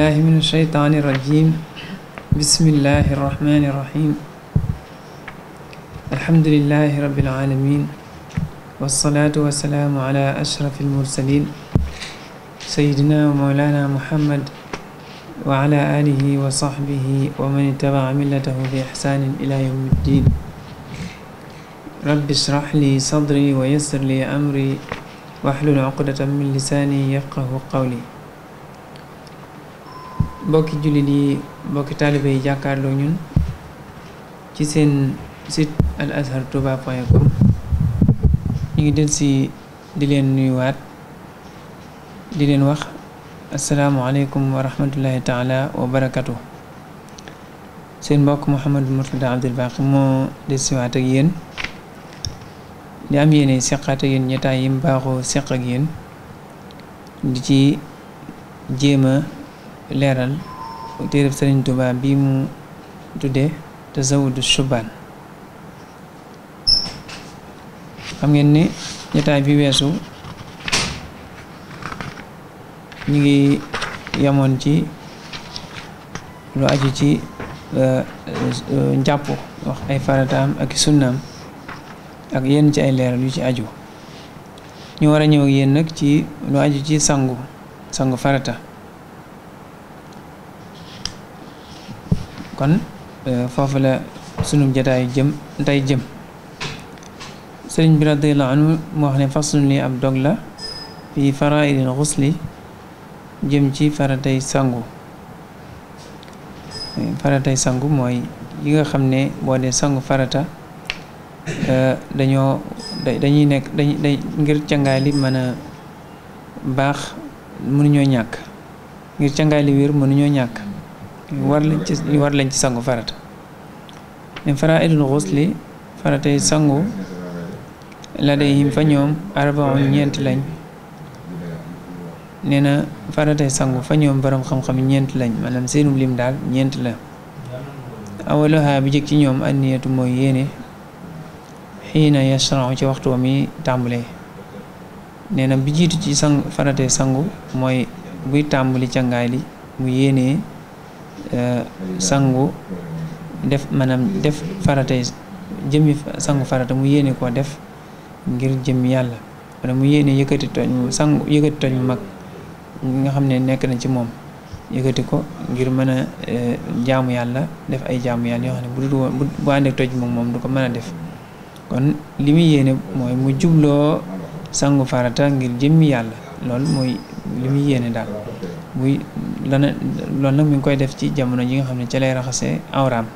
بالله من الشيطان الرجيم بسم الله الرحمن الرحيم الحمد لله رب العالمين والصلاة والسلام على أشرف المرسلين سيدنا ومولانا محمد وعلى آله وصحبه ومن اتبع ملته بإحسان إلى يوم الدين رب اشرح لي صدري ويسر لي أمري واحلل عقدة من لساني يفقه قولي mbokki jullit yi mbokki taaliba yi jàkkaarloo ñun ci seen sit al azhar touba point com ñu ngi del si di leen nuyuwaat di leen wax asalaamualeykum wa rahmatullahi taala wa barakatu seen mbokk Mouhamadou Mourtada Abdoul baax moo del siwaat ak yéen di am yéene seqaat ak yéen yim yi mu baaxoo seq ak yéen di ci jéema leeral téereb Sëriñ Tuubaa bi mu tuddee Tazawudu Shubaan xam ngeen ni jotaay bi weesu ñu ngi yamoon ci lu aju ci euh, njàpp wax ay farataam ak sunnaam ak yenn ci ay leeral yu ci aju ñu war a ñëw ci lu aju ci sangu sangu farata kon euh, foofu la sunu jotaay jëm tey jëm sëriñ bi radiallahu anhu moo wax ne faslun li ab dog la fii faraidil xusli jëm ci faratay sangu euh, faratay sangu mooy yi nga xam ne boo dee sangu farata euh, dañoo dañuy nekk dañ dañ ngir cangaay li mën a baax mënuñoo ñàkk ngir cangaay li wér mënuñoo ñàkk ñu war lañ ci sangu war lañ ci sangu farata min faraa'idul xusli faratay sangu la day yim fa ñoom arbaun ñeenti lañ nee na faratay sangu fa ñoom borom xam-xam ñeent lañ maanaam seenu lim daal ñeent la awaloha bi jëkk ci ñoom anniyatu mooy yéene xiina yasran ci waxtu mi tàmbalee nee jiitu ci sang faratay sangu mooy buy tàmbali cangaay li mu yéenee Euh, sangu def maanaam def faratay jëmmi sangu farata mu yéene koo def ngir jëmmi yàlla wala mu yéene yëkkati toj mu sangu mag nga xam ne nekk na ci moom yëkkati ko ngir mën a euh, jaamu yàlla def ay jaamu yàlla yoo xam ne bu dul woon bu ànd toj moom moom du ko mën a def kon li muy yéene mooy mu jubloo sangu farata ngir jëmmi yàlla loolu mooy li yéene daal muy lana loolu nag mi ngi koy def ci jamono ji nga xam ne ci lay raxasee awraam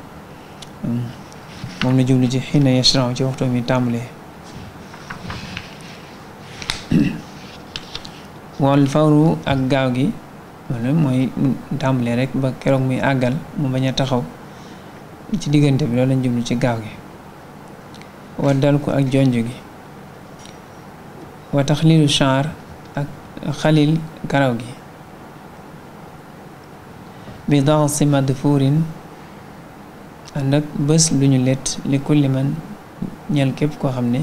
moom la jublu ci xina yashran ci waxtu mi tàmbalee wal fawru ak gaaw gi loolu mooy tàmbalee rek ba keroog muy àggal mu bañ a taxaw ci diggante bi loolu lañ jublu ci gaaw gi wa dal ko ak jonjo gi wa taxlilu char xalil karaw gi bi dansi madfuurin ànd ak bés lu ñu lett li kulli man ñeel képp koo xam ne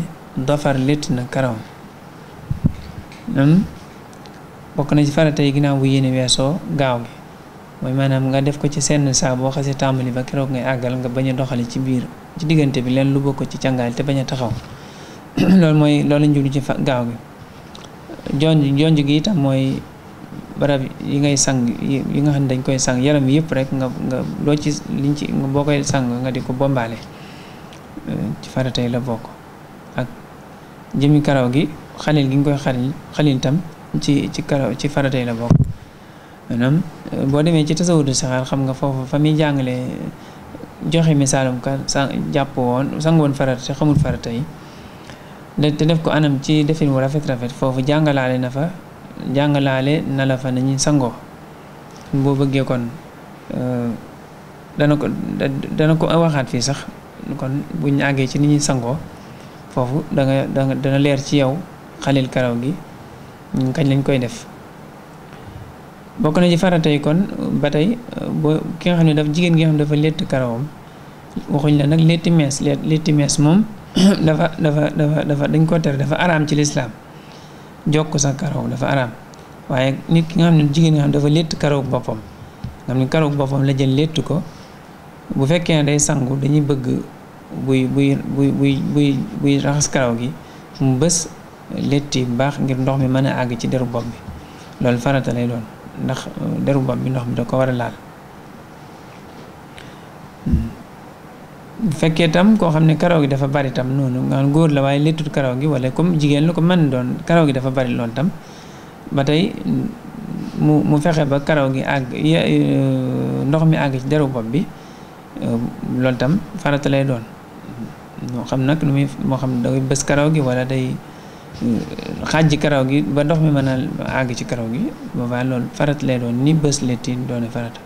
dafar létt na karaw nan bokk na ci farata yi ginnaaw bu yéene weesoo gaaw gi mooy maanaam nga def ko ci senn saa boo xasee tàmbali ba keroog ngay àggal nga bañ a ci biir ci diggante bi leen lu bokk ci càngaay te baña taxaw loolu mooy loolu njublu ci gaaw gi jonj jonj gi itam mooy barab yi ngay sang yi nga xam ne dañ koy sang yaram yëpp rek nga nga loo ci liñ ci boo koy sang nga di ko bombaale euh, ci faratay la bokk ak jëmi karaw gi xalil gi nga koy xalil xalil tam ci ci karaw ci faratay la bokk maanaam euh, boo demee ci tasawudu saxaar xam nga foofu fa muy jàngale joxe misaalum ka sa jàpp woon sang woon farata te xamul farata yi te def ko anam ci defin wu rafet rafet foofu jàngalaale na fa jàngalaale na la fa nañuy sangoo boo bëggee kon euh, dana ko ko waxaat fii sax kon buñ àggee ci ni ñuy sangoo foofu da nga danga dana leer ci yow xalil karaw gi kañ lañ koy def bokk na ci faratay kon ba tey boo ki xam ne daf jigéen gi nga xam ne dafa létt karawam waxuñ la nag létti mees létti mees moom dafa dafa dafa dañ ko tere dafa araam ci lislaam ko sa karaw dafa araam waaye nit ki nga xam ne jigéen nga xam dafa létt karaw boppam nga xam ne karaw boppam la jël létt ko bu fekkee ne day sangu dañuy bëgg buy buy buy buy buy buy raxas karaw gi mu bés létt yi baax ngir ndox mi mën a àgg ci deru bopp bi loolu faratale lay doon ndax deru bopp bi ndox mi da ko war a laal bu fekkee tam koo xam ne karaw gi dafa bari tam noonu nga góor la waaye léttut karaw gi wala comme jigéen lu ko mën doon karaw gi dafa bari lool tam ba tey mu mu fexe ba karaw gi àgg euh, mi àgg ci deru bopp bi euh, loolu tam farata lay doon moo xam nag lu muy moo xam ne day bës karaw gi wala day euh, xàjji karaw gi ba ndox mi mën a àgg ci karaw gi boobaa loolu farata lay doon ni bës létti doone farata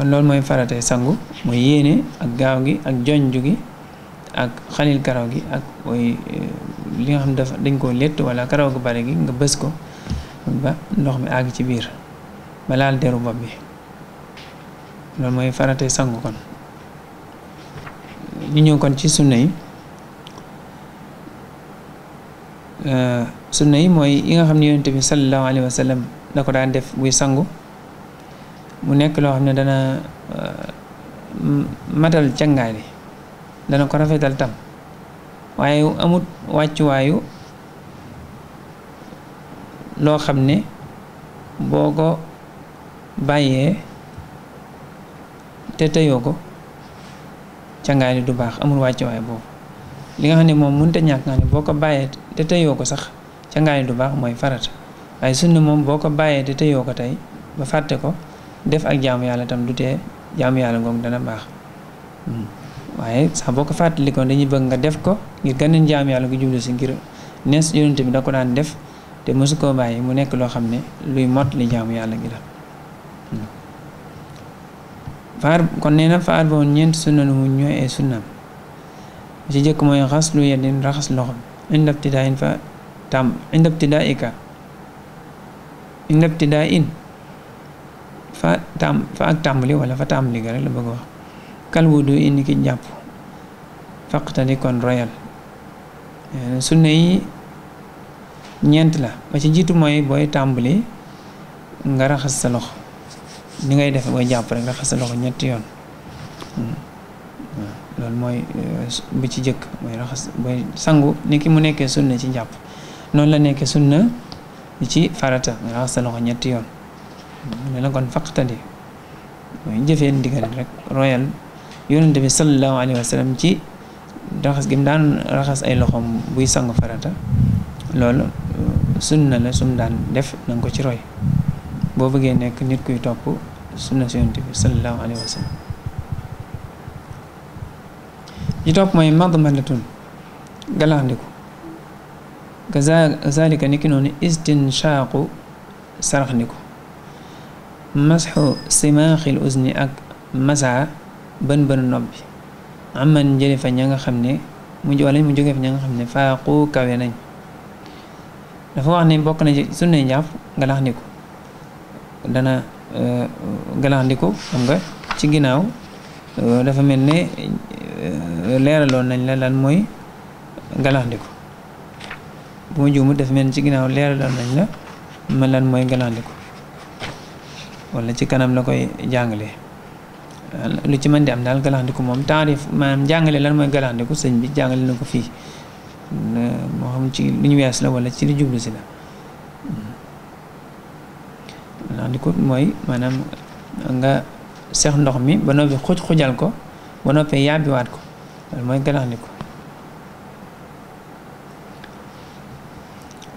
kon loolu mooy faratee sangu mooy yéene ak gaaw gi ak jonju gi ak xalil karaw gi ak mooy eh, li nga xam dafa dañ koo létt wala karaw gu bare gi nga bës ko ba ndox mi àgg ci biir ba laal deru bopp bi loolu mooy faratee sangu kon ñu ñëw kon ci sunna yi eh, sunna yi mooy yi nga xam ne yonent bi sallallahu alayhi wa da ko daan def buy sangu mu nekk loo xam ne dana uh, matal càngaay li dana ko rafetal tam waaye amut wàccuwaayu loo xam ne boo ko bàyyee te teyoo ko càngaay du baax amul wàccuwaay boobu li nga xam ne moom mënut a ñàkk nga xam ne boo ko bàyyee te teyoo ko sax càngaay li du baax mooy farat waaye sunna moom boo ko bàyyee te teyoo ko tey ba fàtte ko def ak jaamu yàlla tam du tee jaamu yàlla ngoog dana baax hmm. waaye sax boo ko fàttalikoon dañuy bëgg nga def ko ngir ganneen jaamu yàlla nga jublu si ngir nees bi da ko daan def te mosu koo bàyyi mu nekk loo xam ne luy mot li yàlla gi la hmm. faar kon nee na faar boobu ñeent sunna lu mu ñooy ay sunnaam ci jëkk mooy xas lu yedin raxas loxo indabtidaa in fa tàmm indabtidaa ika in fa tàmm fa ak tàmbali wala fa tàmbali ga rek la bëgg wax kal wudu indi ki jàpp faqtadi kon royal sunna yi ñeent la ba ci jiitu mooy booy tàmbali nga raxas sa loxo ngay def booy jàpp rek raxas ñetti yoon hmm. loolu mooy euh, bi ci jëkk mooy raxas booy sangu ni ki mu nekkee sunna ci jàpp noonu la nekkee sunna ci farata nga raxas sa loxo ñetti yoon ne la kon faqtadi mooy jëfee ndigal rek royal yonent bi sallallahu alayhi wa ci raxas gi mu daan raxas ay loxoom buy sangu farata loolu sunna la sum daan def na ko ci roy boo bëggee nekk nit kuy topp sunna si yonent bi sallallahu alayhi wa sallam ci topp mooy madmadatun galaxndiku kazalika ni ki noonu istinshaqu saraxndiku masxu simaaxil ni ak masaa bën bën nopp bi aman jële fa ña nga xam ne mu wala mu jógee fa ña nga xam ne faaqu kawe nañ dafa wax ne bokk na ci sunne njàpp galax dana galax xam nga ci ginnaaw dafa mel ne leeraloon nañ la lan mooy galax ndiku bu ma juumut dafa mel ne ci ginnaaw leeraloon nañ la ma lan mooy galax wala ci kanam la koy jàngale lu ci mën di am daal galaxndiku moom taarif maanaam jàngale lan mooy galaxndiku sëñ bi jàngale na ko fii moo xam ci lu ñu wees la wala ci lu jublu si la galaxndiku mooy maanaam nga seex ndox mi ba noppi xuj xujal ko ba noppee yàbbiwaat ko loolu mooy galaxndiku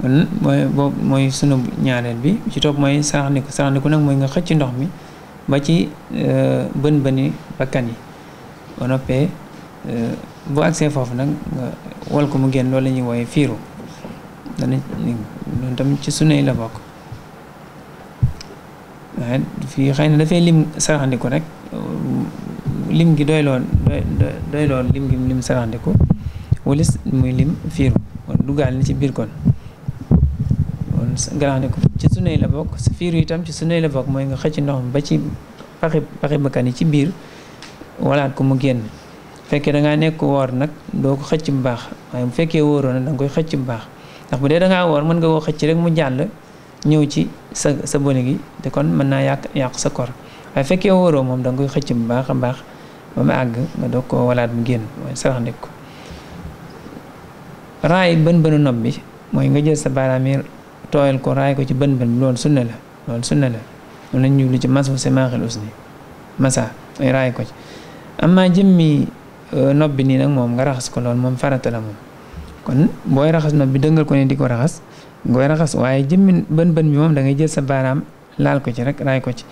loolu mooy boobu mooy sunu ñaareel bi ci toog mooy saraxandiku saraxandiku nag mooy nga xëcc ndox mi ba ci euh, bën bëni bakkan yi ba noppee euh, boo agsee foofu nag nga wal ko mu génn loolu la ñuy wooye fiiru dana tamit ci sunna yi la xëy na dafay lim saraxandiku rek lim gi doy lool lim gi lim saraxandiku walis muy lim fiiru kon duggaal ni ci biir kon kon galaane ci sunnay la bokk sa fiiru itam ci sunnay la bokk mooy nga xëcc ndox mi ba ci paxi paxi bakkan yi ci biir walaat ko mu génn fekkee dangaa nekk woor nag doo ko xëcc bu baax bu fekkee wóoroo nag danga koy xëcc bu baax ndax bu dee dangaa woor mën nga koo xëcc rek mu jàll ñëw ci sa sa bone gi te kon mën naa yàq yàq sa kor waaye fekkee wóoroo moom danga koy xëcc bu baax a baax ba mu àgg nga doog koo walaat mu génn waaye sarax ko raay bën bënu nopp bi mooy nga jël sa baaraam tooyal ko raay ko ci bën bën loolu sunna la loolu sunna la mun nañ ñu lu ci masu simaaxil usni masa raay ko ci am amma jëmmi euh, nopp bi nii nag moom nga raxas ko loolu moom farata moom kon booy raxas nopp bi dëngal ko ne di ko raxas booy raxas waaye jëmmi bën bën bi da ngay jël sa baaraam laal ko ci rek raay ko ci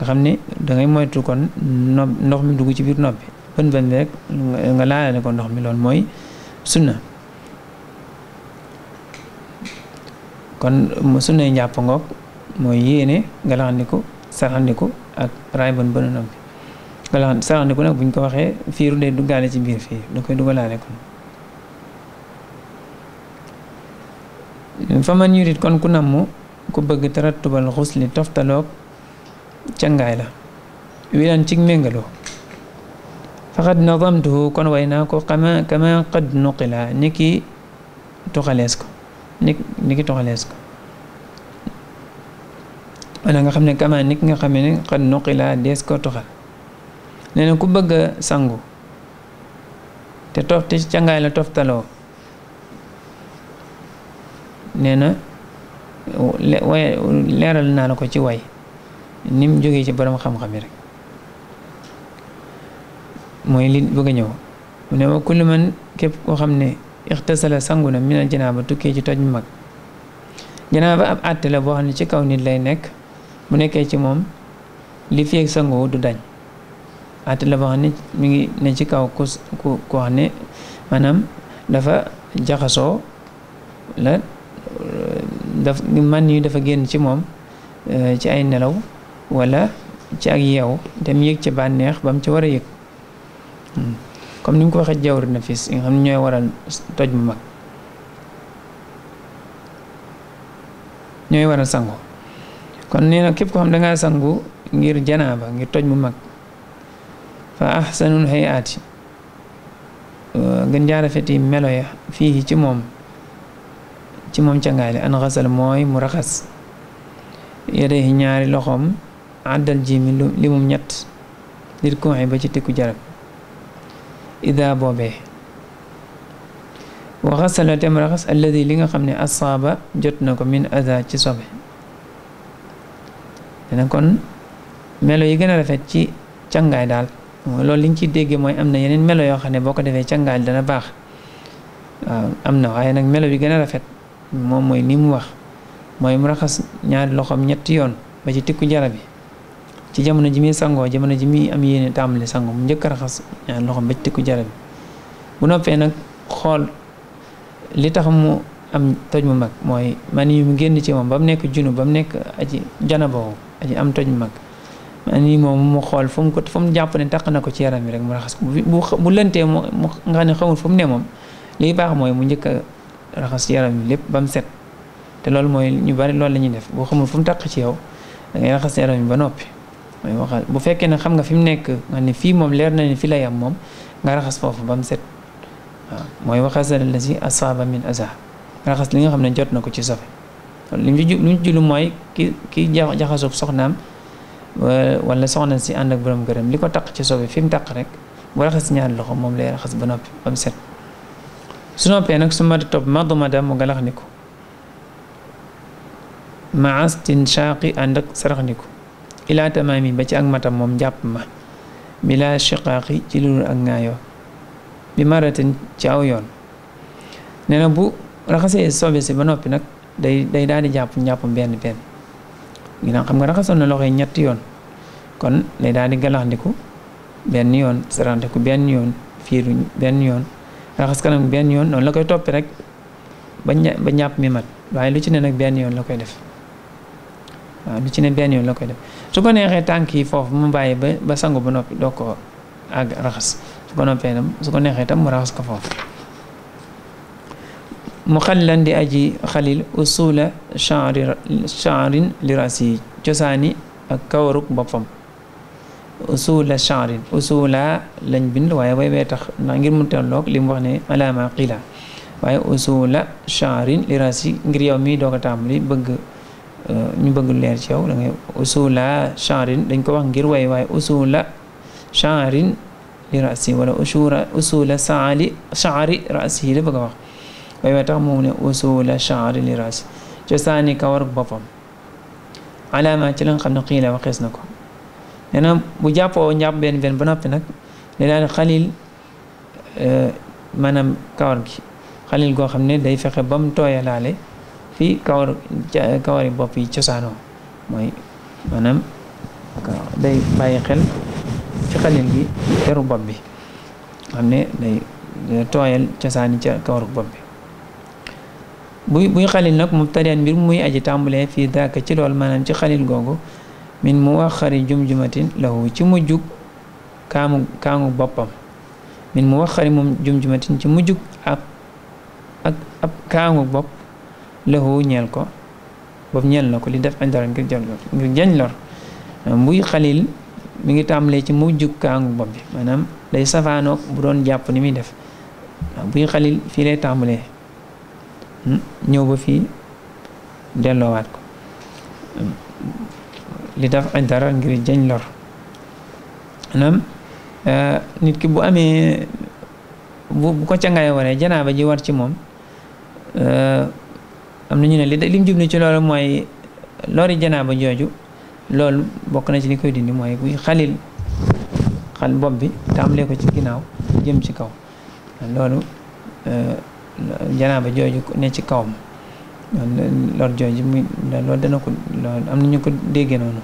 nga xam ne dangay moytu kon nopp ndox mi dugg ci biir nopp bi bën bën bi rek nga laalale ko ndox mi loolu mooy sunna kon sunnay njàpp ngoog mooy yéene galaxandiku saraxandiku ak raay bën bënanam bi galaxan saraxandiku nag buñ ko waxee fiiru dee duggaale ci biir fii da koy dugalaale kon fa man yurit kon ku namm ku bëgg tarattubal xusli toftaloog cangaay la wilan cig méngaloo faqad nadamtuhu kon way naa ko kama kama qad nuqila ni ki tuxalees ko nit ni ki toxalees ko wala nga xam ne kamaa nit nga xam ne xat noqi laa dees ko toxal nee na ku bëgg a sangu te tof te cangaay la toftaloo nee na leeral naa la ko ci way ni mu jógee ci borom xam-xam rek mooy li bëgg a ñëw mu ne wa kullu man képp xam ne ixtasala sangu na minal janaaba tukkee ci toj mu mag janaaba ab àtte la boo xam ne ci kaw nit lay nekk bu nekkee ci moom li fi ak sangoo du dañ àtte la boo xam ne mi ngi ne ci kaw ku ku koo xam ne maanaam dafa jaxasoo la daf man yu dafa génn ci moom euh, ci ay nelaw wala ci ak yeew dem yëg ci bànneex ba ci war a yëg hmm. comme ni nga ko waxee jawri nafis yi nga xam ne ñooy waral toj mu mag ñooy waral sangu kon nee képp ko xam dangaa sangu ngir janaaba ngir toj mu mag fa ahsanul hayaati gën jaa rafeti melo ya fii ci moom ci moom cangaay li an mooy mu raxas yadayhi ñaari loxoom àddal ji mi limum ñett lir ko ba ci tikku jarab ida boobee wa xasala dem raxas alladi li nga xam ne asaaba jot na ko min ada ci sobe dana kon melo yi gën a rafet ci cangaay daal loolu liñ ciy déggee mooy am na yeneen melo yoo xam ne boo ko defee cangaay dana baax waaw am na waaye nag melo bi gën a rafet moom mooy ni mu wax mooy mu raxas ñaari loxoom ñetti yoon ba ci tikku jara bi ci jamono ji muy sangoo jamono ji muy am yéene tàmbali sangoo mu njëkk a raxas ñaari eh, loxo ba ci jara bi bu noppee nag xool li tax mu am toj mu mag mooy man yi ci moom ba mu nekk junu ba mu nekk aji janaboo aji am toj mu mag man moom mu xool fu mu ko fu mu jàpp ne taq na ko ci yaram bi rek mu raxas ko bu bu lëntee mu nga xam ne fu mu ne moom liy baax mooy mu njëkk a raxas yaram bi lépp ba mu set te loolu mooy ñu bari loolu la ñuy def boo xamul fu mu taq ci yow da raxas yaram bi ba noppi mooy waxal bu fekkee ne xam nga fi mu nekk nga ni fii moom leer na ne fi la yam moom nga raxas foofu bam set waaw mooy waxasal la si asaaba min azar raxas li nga xam ne jot na ko ci sofe li mu ci li mu ci julu mooy ki ki jaxasoob wala soxna si ànd ak borom gërëm li ko taq ci sobe fi mu taq rek bu raxas ñaari loxo moom lay raxas ba noppi ba mu set su noppee nag su ma topp madumada mu nga ni ko ma istinshaaqi ànd ak sarax ni ilaa tamaami ba ci ak matam moom njàpp ma bila shiqaaqi ci lu ak ŋaayoo bi maratin ci aw yoon nee na bu raxasee sobe si ba noppi nag day day daal di jàpp njàppam benn benn ginnaaw xam nga raxasoon na loxo yi ñetti yoon kon day daal di galaxndiku benn yoon saranteku benn yoon fiiru benn yoon raxas kanam benn yoon noonu la koy toppee rek ba ña ba ñàpp mi mat waaye lu ci ne nag benn yoon la koy def waaw du ci ne benn yoon la koy def su ko neexee tànk yi foofu mu bàyyi ba ba sangu ba noppi doo ko àgg raxas su ko noppee tam su ko neexee tam mu raxas ko foofu mu xalilan di aji xalil usula chanrin li cosaani ak kawarug boppam usula chanrin usula lañ bind waaye way wee tax ndax ngir mu tolloog li mu wax ne alaama qila waaye usula chanrin li ngir yow mii doo ko tàmbali bëgg Eh, ñu bëgg leer ci yow da shaarin dañ ko wax ngir way waaye usula shaarin li rasi wala usura usula shaari rasi la bëgg a wax way waaye tax moom ne usula shaari li rasi cosaani kawar boppam alaama ci la nga xam ne xiila waxees na ko nee na bu jàppoo njàpp benn benn ba noppi nag li daal xalil eh, maanaam kawar gi xalil goo xam ne day fexe ba mu laale fii kawar kawari bopp yi cosaanoo mooy maanaam day bàyyi xel ci xalil gi deru bopp bi xam ne day tooyal cosaani ca kawaru bopp bi buy buy xalil nag mu mubtadian mbir muy aji tàmbalee fii daaka ci lool maanaam ci xalil googu min mu wax xari jum-jumatin lahu ci mujjug kaamu kaamu boppam min mu wax ci mujjug ab ak ab kaamu bopp lahu ñeel ko boobu ñeel na ko li def ay dara ngir jël lor ngir jañ lor ngi tàmbalee ci mujj bi maanaam day safaanoog bu doon jàpp ni muy def buy xalil fii lay tàmbalee hmm, ñëw ba fii delloowaat ko hmm, li daf ay ngir jañ lor maanaam eh, nit ki bu amee bu ko cangaay waree janaaba ji war ci moom eh, am na ñu ne li li mu jublu ci loolu mooy lori janaaba jooju loolu bokk na ci li koy dindi mooy buy xalil xal bopp bi tàmbalee ko ci ginnaaw jëm ci kaw loolu euh, janaaba jooju ne ci kawam lor jooju muy loolu dana ko loolu am na ñu ko déggee noonu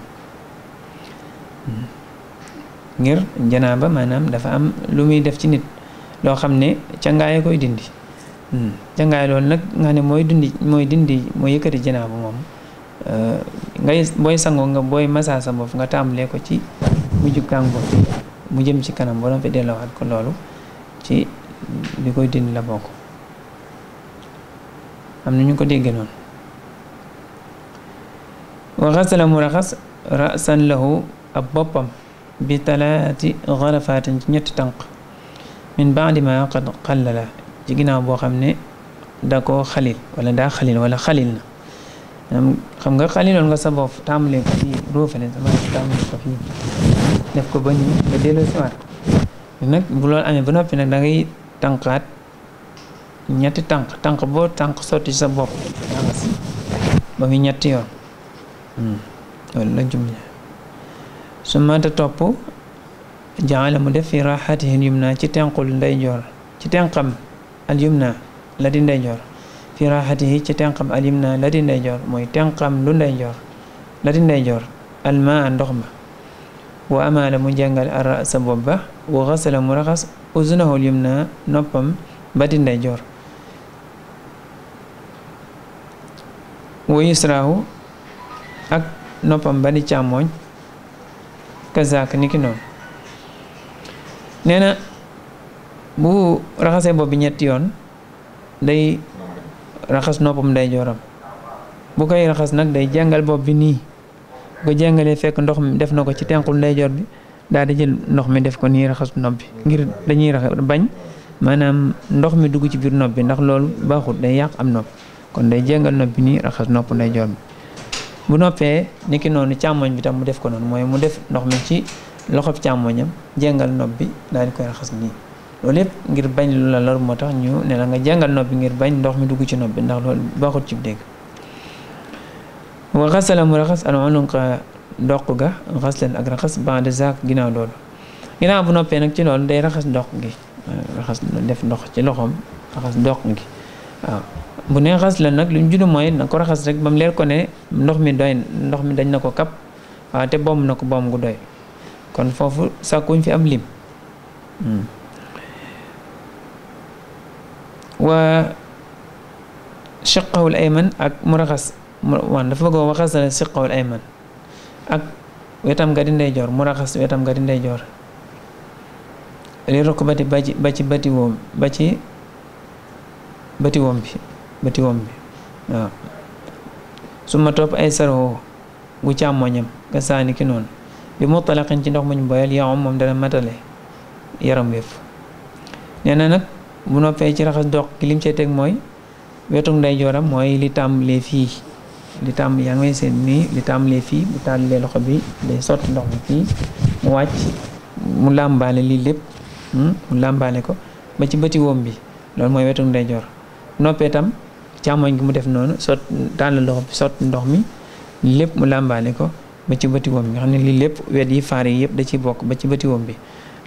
ngir janaaba maanaam dafa am lu muy def ci nit loo xam ne cangaaya koy dindi Hmm. jàngaay loolu nag nga ne mooy dundi mooy dindi mooy yëkkati janaaba moom euh, ngay booy sangoo nga booy massa sa bopp nga tàmbalee ko ci mujj kàngoor mu jëm ci kanam boo doon fi ko loolu ci li koy la bokk am na ñu ko dégg noonu wa xasala boppam bi talaati xarafaatin ci ñetti tànk min baadi ma qad qallala ci ginnaaw boo xam ne da koo xalil wala daa xalil wala xalil na maanaam xam nga xaliloon nga sa bopp tàmbalee ko fii ruufale sama ko fii ba nag bu loolu amee ba noppi nag dangay ngay tànqaat ñetti tànq tànq boo tànq sotti sa bopp ba muy ñetti yoon hmm, loolu la jumla ma mata topp jaala mu def fi raxatihi yum naa ci tenqul ndeyjoor ci tenqam alyumna la di ndeyjoor fi ci tenqam alyumna la di ndeyjoor mooy tenqam lu ndeyjoor la di ndeyjoor almaa ndox ma wa amaala mu jàngal arasa bopp ba wa xasala mu raxas uzunahu alyumna noppam ba di ndeyjoor wa yusraahu ak noppam ba di càmmooñ kazaak niki noonu bu raxasee bopp bi ñetti yoon day raxas noppam ndeyjooram bu koy raxas nag day jàngal bopp bi nii bu ko jàngalee fekk ndox mi def na ko ci tenqul ndeyjoor bi daal di jël ndox mi def ko nii raxas nopp ngir dañuy raxas bañ maanaam ndox mi dugg ci biir nopp bi ndax loolu baaxul day yàq am nopp kon day jàngal nopp bi nii raxas nopp bi bu noppee niki noonu càmmoñ bi tam mu def ko noonu mooy mu def ndox mi ci loxob càmmoñam jàngal nopp bi daal di koy raxas nii loolu yëpp ngir bañ lu la lor moo tax ñu ne nga jàngal noppi ngir bañ ndox mi dugg ci noppi ndax loolu baaxut ci dégg wa xasala mu raxas al unuqa ga raxas leen ak raxas bande zaak ginnaaw loolu bu noppee nag ci loolu day raxas doq gi ndox ci loxoom raxas doq gi waaw bu ne raxas la nag lu ñu judd mooy na ko raxas rek ba mu leer ko ne ndox mi doy ndox mi dañ na ko kap waaw te bomb na ko bomb gu doy kon foofu sàkkuñ fi am lim hmm. wa shiqahul ayman ak mu raxas waan dafa bëgg waxas na ay ayman ak wetam nga di ndeyjoor mu raxas wetam nga di ndeyjoor li rukbati ba ci ba ci bati woom ba ci bati woom bi bati woom bi su ma topp ay saroo gu càmmoñam nga saani ki noonu bi mu talaqin ci ndox muñ boyal yaawam moom dana matale yaram wéef nee nag mu noppee ci raxas doq gi lim cee teg mooy wetum ndeyjooram mooy li tàmbalee fii li tàmm yaa ngi may seen nii li tàmbalee fii bu tàllalee loxo bi day ndox bi fii mu wàcc mu làmbaale lii lépp hmm, mu ko ba ci bëti bi loolu mooy wetum ndeyjoor noppee tam càmmoñ gi mu def noonu sot tàllal loxo bi ndox mi lépp mu làmbaale ko ba ci bëti wóom bi nga xam ne lii lépp wet yi faar yi yëpp da ci bokk ba ci bëti wóom bi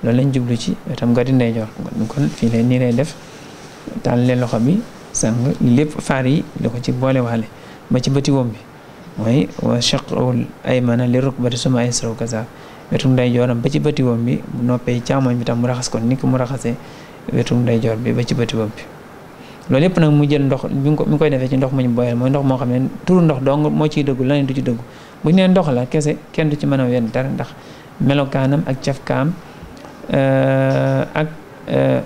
loolu lañ jublu ci wetam gadi ndeyjoor kon fii lay nii lay def tàllalee loxo bi sàng lépp faar yi ko ci boole waale ba ci bëti wom bi mooy wa shaqul aymana li rukbati suma aysraw kaza wetum ndeyjooram ba ci bëti wom bi bu noppee càmmoñ bi tam mu raxas ko ni ko mu raxasee wetu ndeyjoor bi ba ci bëti wom bi loolu yëpp nag mu jël ndox mi ngi koy defee ci ndox muñu boyal mooy ndox moo xam ne turu ndox dong moo ciy dëggu leneen du ci dëggu bu ñu nee ndox la kese kenn du ci mën a wedd dara ndax melokaanam ak cafkaam Eh, ak eh,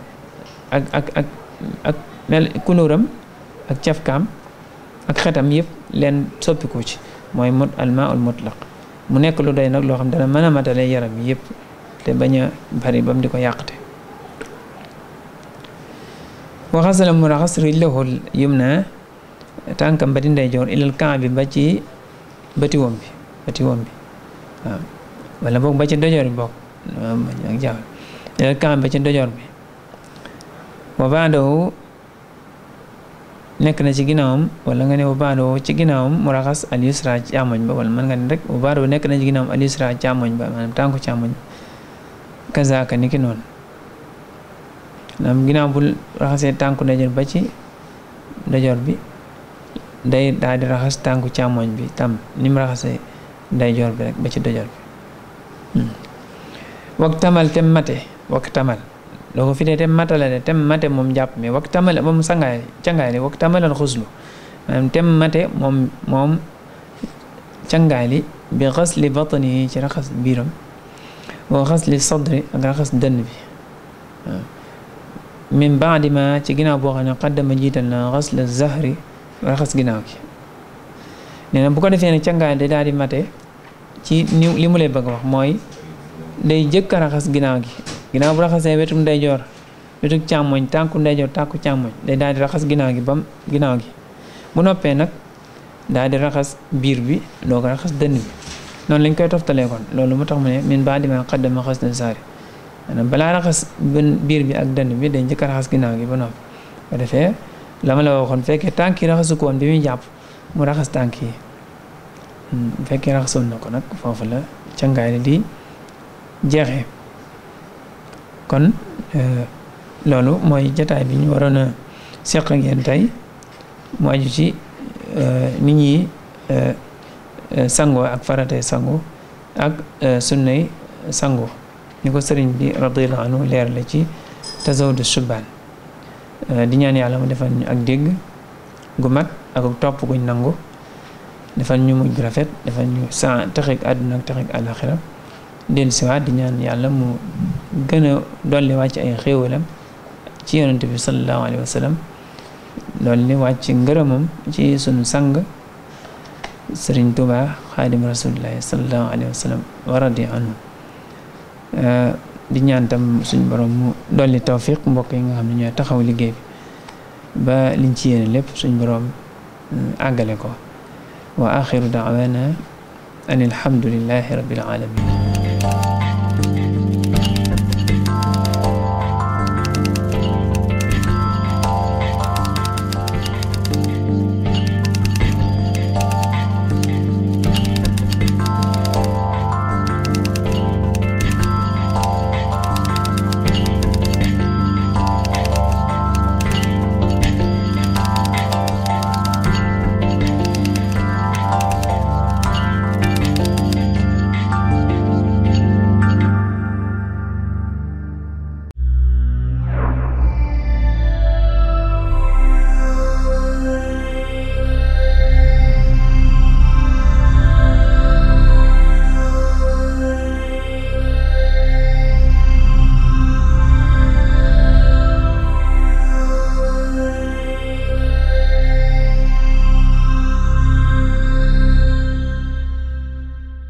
ak ak ak ak mel kunóoram ak cafkaam ak xetam yëpp leen soppiku ci mooy mot almaa ul mutlaq mu nekk lu doy nag loo xam dana mën a matale yaram yëpp te bañ a bari bam di ko yàqte waxasala mu raxas rijlahul yumna tànkam ba di ndeyjoor ilal kaan bi ba ci bati wom bi bati wom bi waaw wala boog ba ci dojoor bi bokk ak jaawal dina kaam ba ci ndojoor bi wa baadahu nekk na ci ginnaawam wala nga ne wa ci ginnaawam mu raxas al yusra ba wala mën nga ne rek wa baadahu nekk na ci ginnaawam al càmmoñ tànku càmmoñ kazaaka ni ki noonu maanaam ginnaaw bul raxasee tànku ndojoor ba ci ndojoor bi day daal raxas tànku càmmoñ bi tam ni mu raxasee ndeyjoor bi rek ba ci ndojoor bi hmm. wag tamal waktamal logo fide tem matalane tem mate moom jàpp mi waktamale moom sangaay cangaay li waktamalal xuslu maanaam tem mate moom moom cangaay li bi xasli batani yi ci raxas biiram wa xasli sadri ak raxas dënn bi waaw min baadi ma ci ginnaaw boo xam ne xaddama na xasla zahri raxas ginnaaw gi nee na bu ko defee ne daal di ci ni li mu wax mooy day jëkk raxas ginnaaw gi ginaaw bu raxasee wetu ndeyjoor wetu càmmoñ tànku ndeyjoor tànku càmmoñ day daal di raxas ginnaaw gi bam ginnaaw gi bu noppee nag daal di raxas biir bi doo ko raxas dënn bi noonu lañ koy toftalee kon loolu mu tax mu ne min baadi maa qaddama xaslan saari balaa raxas biir bi ak dënn bi day njëkk a raxas ginnaaw gi ba noppi bu defee la ma la fekkee tànk yi raxasu ko woon bi muy jàpp mu raxas tànk yi hmm, bu fekkee raxasoon na ko nag foofu la cangaay li di jeexee kon euh, loolu mooy jataay bi ñu waroon a seq ngeen tey mu aju ci euh, nit ñi euh, sango ak faratay sango ak sunnay sango ni ko sëriñ bi radiyallahu anhu leer la ci tazawudu shubaan di ñaan yàlla mu defal ñu ak dégg gu mat ak topp guñ nangu defal ñu mujj rafet defal ñu sa texeeg àdduna ak texeeg àlaxira dellusiwaat di ñaan yàlla mu gën a dolli wàcc ay xéewalam ci yonent bi sallallahu alayhi wa sallam dolli wàcc ngërëmam ci sunu sang sëriñ Tuubaa xaadim rasulillahi sallallahu alayhi wa sallam wa radi anhu di ñaan tam suñ borom dolli tawfiq mbokk yi nga xam ne ñooy taxaw liggéey bi ba liñ ci lépp suñ borom àggale ko wa axiru daawana an alhamdulillahi rabbil alamin Thank you.